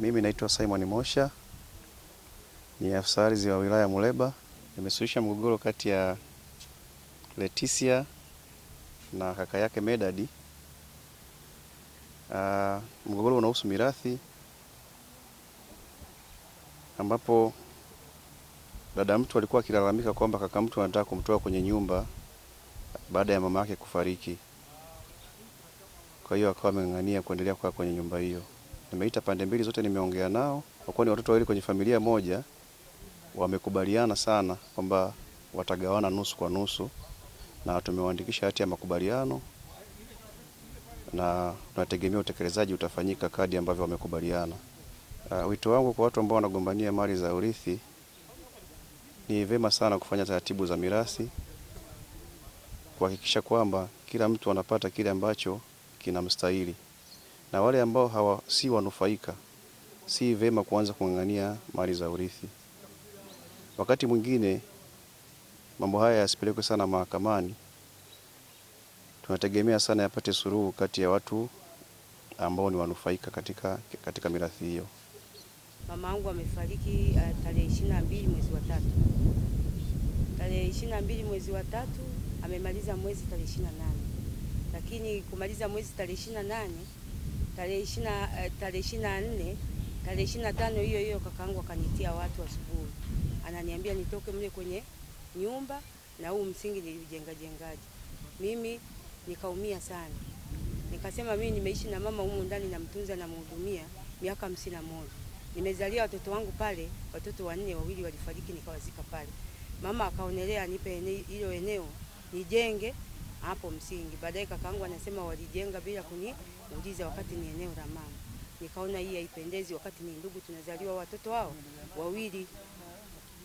Mimi naitwa Simon Mosha, ni afisa ardhi wa wilaya Muleba. Nimesuluhisha mgogoro kati ya Leticia na kaka yake Medadi. Uh, ah, mgogoro unahusu mirathi ambapo dada mtu alikuwa akilalamika kwamba kaka mtu anataka kumtoa kwenye nyumba baada ya mama yake kufariki, kwa hiyo akawa ameng'ang'ania kuendelea kukaa kwenye nyumba hiyo. Nimeita pande mbili zote, nimeongea nao, kwa kuwa ni watoto wawili kwenye familia moja, wamekubaliana sana kwamba watagawana nusu kwa nusu, na tumewaandikisha hati ya makubaliano na tunategemea utekelezaji utafanyika kadi ambavyo wamekubaliana. Uh, wito wangu kwa watu ambao wanagombania mali za urithi ni vema sana kufanya taratibu za mirathi, kuhakikisha kwamba kila mtu anapata kile ambacho kinamstahili na wale ambao hawa si wanufaika, si vema kuanza kung'ang'ania mali za urithi. Wakati mwingine mambo haya yasipelekwe sana mahakamani, tunategemea sana yapate suluhu kati ya watu ambao ni wanufaika katika, katika mirathi hiyo. Mama yangu amefariki eh, tarehe 22 mwezi wa tatu, tarehe 22 mwezi wa tatu amemaliza mwezi tarehe 28, lakini kumaliza mwezi tarehe 28 Eh, tarehe ishirini na nne tarehe ishirini na tano hiyo hiyo kakaangu akanitia watu asubuhi, ananiambia nitoke mle kwenye nyumba na huu msingi nilijenga jengaji. Mimi nikaumia sana, nikasema mimi nimeishi na mama humu ndani, namtunza na mhudumia miaka hamsini na moja. Nimezalia watoto wangu pale, watoto wanne, wawili walifariki nikawazika pale. Mama akaonelea nipe hilo eneo nijenge hapo msingi. Baadaye kakaangu anasema walijenga bila kuniuliza wakati ni eneo la mama. Nikaona hii haipendezi, wakati ni ndugu tunazaliwa watoto wao wawili.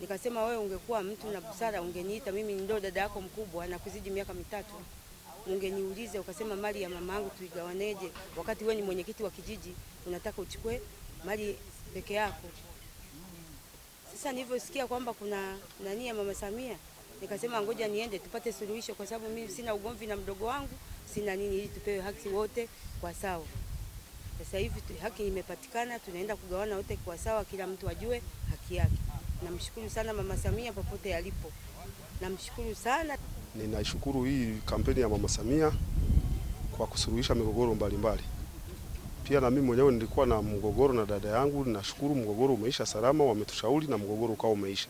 Nikasema wewe ungekuwa mtu na busara ungeniita mimi, ndio dada yako mkubwa na kuzidi miaka mitatu, ungeniuliza ukasema, mali ya mama yangu tuigawaneje, wakati wewe ni mwenyekiti wa kijiji, unataka uchukue mali peke yako. Sasa nilivyosikia kwamba kuna nani ya mama Samia nikasema ngoja niende tupate suluhisho, kwa sababu mimi sina ugomvi na mdogo wangu, sina nini, ili tupewe haki wote kwa sawa. Sasa hivi haki imepatikana, tunaenda kugawana wote kwa sawa, kila mtu ajue haki yake. Namshukuru sana Mama Samia popote alipo, namshukuru sana. Ninashukuru hii kampeni ya Mama Samia kwa kusuluhisha migogoro mbalimbali. Pia na mimi mwenyewe nilikuwa na mgogoro na dada yangu, nashukuru mgogoro umeisha salama, wametushauri na mgogoro ukawa umeisha.